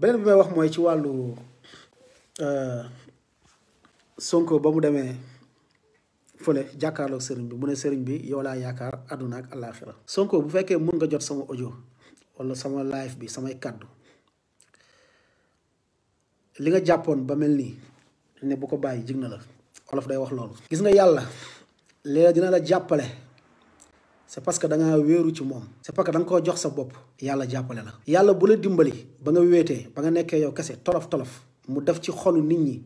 beneen bi may wax mooy ci wàllu euh, Sonko ba mu demee fële jàkkaarloog sëriñ bi mu ne sëriñ bi yow laa yaakaar àdduna ak àllaaxira Sonko bu fekkee mun nga jot sama audio wala sama live bi samay kàddu li nga jàppoon ba mel nii ne bu ko bàyyi jig na la olof day wax loolu gis nga yàlla léeg dina la jàppale c'est parce que da ngaa wéeru ci moom c'est parce que da nga jox sa bopp yàlla jàppale la yàlla bu la dimbali ba nga wéetee ba nga nekkee yow kese tolof-tolof mu def ci xolu nit ñi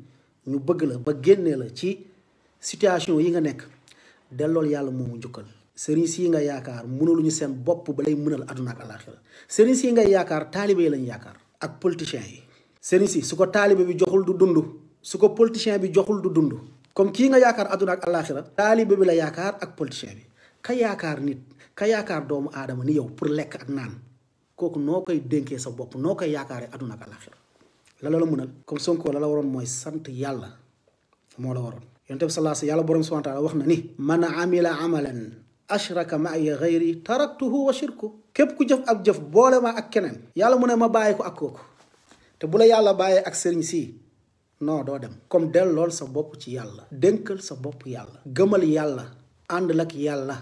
ñu bëgg la ba génnee la ci situation yi nga nekk dellool yàlla moomu njukkal sëriñ si nga yaakaar ñu seen bopp ba lay mënal àdduna ak àllaaxira sëriñ si nga yaakaar taalibe yi lañ yaakaar ak politiciens yi sëriñ si su ko taalibe bi joxul du dund su ko politicien bi joxul du dund comme kii nga yaakaar àdduna ak àllaaxira taalibe bi la yaakaar ak politicien ka yaakar nit ka yaakar doomu adama ni yow pour lek ak nan kooku nokay koy sa bop nokay yaakaré aduna ka lakhir la la mënal comme Sonko la la waron moy sante yalla mo la borom subhanahu wa taala waxna ni man amila amalan ashraka maaya ghayri taraktuhu wa shirku kep ku jëf ak jëf bolema ak kenen yalla mune ma bayiko ak koku te bula yalla baye ak si non do dem comme lol sa bop ci yalla denkel sa bop yalla gemal yalla àndal ak yàlla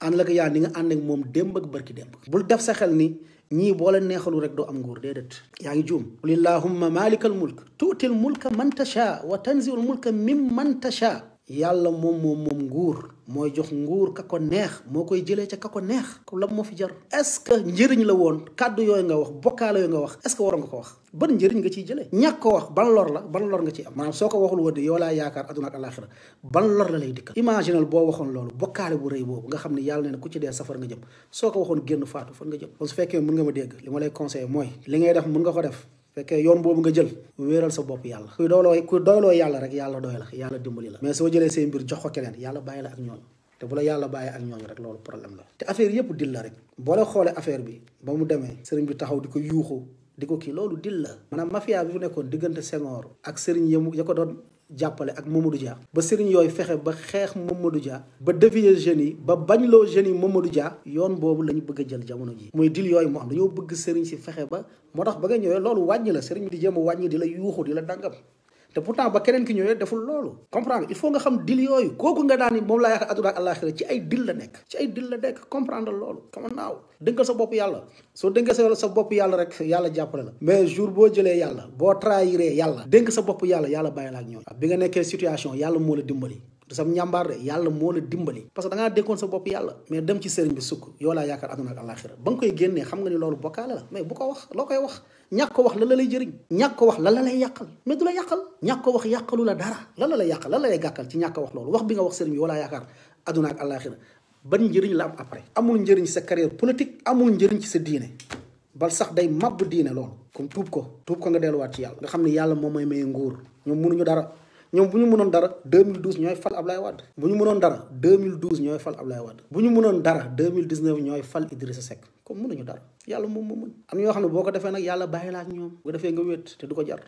àndal ak yàlla ni nga moom démb ak barki démb bul def sa xel ni ñii boo leen neexalu rek doo am nguur déedéet yaa ngi juum qul illahumma malika al mulk tuuti al mulka man tasha wa tanziu al mulka mimman tasha yàlla moom moom moom nguur mooy jox nguur ka ko neex moo koy jëlee ca ka ko neex ko la moo fi jar est njëriñ la woon kàddu yooyu nga wax bokkaale yooyu nga wax est-ce waroon nga ko wax ban njëriñ nga ciy jëlee ñàkk ko wax ban lor la ban lor nga ciy am maanaam ko waxul woon ne yow laa yaakaar aduna ak alaxira ban lor la lay dikkal imaginal boo waxoon loolu bokkaale bu rëy boobu nga xam ne yàlla ne ku ci dee safar nga jëm soo ko waxoon génn faatu fan nga jëm kon su fekkee mën nga ma dégg li ma lay conseillé mooy li ngay def mën nga ko def fekkee yoon boobu nga jël wéeral sa bopp yàlla ku doyloo ku doyloo yàlla rek yàlla doy la yàlla dimbali la mais soo jëlee say mbir jox ko keneen yàlla bàyyi la ak ñooñu te bu la yàlla bàyyi ak ñooñu rek loolu problème la te affaire yëpp dil rek boo la xoolee affaire bi ba mu demee sëriñ bi taxaw di ko yuuxu di ko kii loolu dil la maanaam mafia bi fu nekkoon diggante Senghor ak sëriñ yamu ya ko doon jàppale ak Mamadou Dia ba sëriñ yooyu fexe ba xeex Mamadou ja ba dévier jeunes yi ba bañloo jeunes yi Mamadou ja yoon boobu la ñu bëgg jël jamono jii muy dil yooyu moo am dañoo bëgg sëriñ si fexe ba moo tax ba nga ñëwee loolu wàññi la sëriñ bi di jëm a wàññi di la yuuxu di la dàngam te pourtant ba keneen ki ñëwee deful loolu comprendre il faut nga xam dil yooyu kooku nga daan ni moom laa yaakaar àdduna ak àllaaxira ci ay dil la nekk ci ay dil la nekk comprendre loolu xama dënkal sa bopp yàlla soo dënkal sa sa bopp yàlla rek yàlla jàppale la mais jour boo jëlee yàlla boo trahiré yàlla dénk sa bopp yàlla yàlla bàyyi la ak ñooñu bi nga nekkee situation yàlla moo la dimbali te sam njàmbaar yàlla moo la dimbali parce que da ngaa dékkoon sa bopp yàlla mais dem ci sëriñ bi sukk yow laa yaakaar aduna ak àlaxira ba nga koy génnee xam nga ni loolu bokkaale la ko wax loo koy wax ñàkk la la lay jëriñ ñàkk wax la la lay yàqal mais du la yàqal ñàkk ko wax yàqalu la dara la la lay yàqal la la lay gàkkal ci ñàkk ko wax loolu wax bi nga wax sëriñ bi yow laa yaakaar aduna ak àlaxira ban njëriñ la am après amul njëriñ sa carrière politique amul njëriñ ci sa diine bal sax day màbb diine loolu comme tuub ko tuub ko nga delluwaat ci yàlla nga xam ne yàlla moom may may nguur ñoom mënuñu dara ñoom bu ñu mënoon dara 2012 ñooy fal Ablaye Wade bu ñu mënoon dara 2012 ñooy fal Ablaye Wade bu ñu mënoon dara 2019 ñooy fal Idrissa Seck comme mënuñu dara yàlla moom moo mën am na ñoo xam ne boo ko defee nag yàlla bàyyi la ak ñoom bu defee nga wéet te du ko jar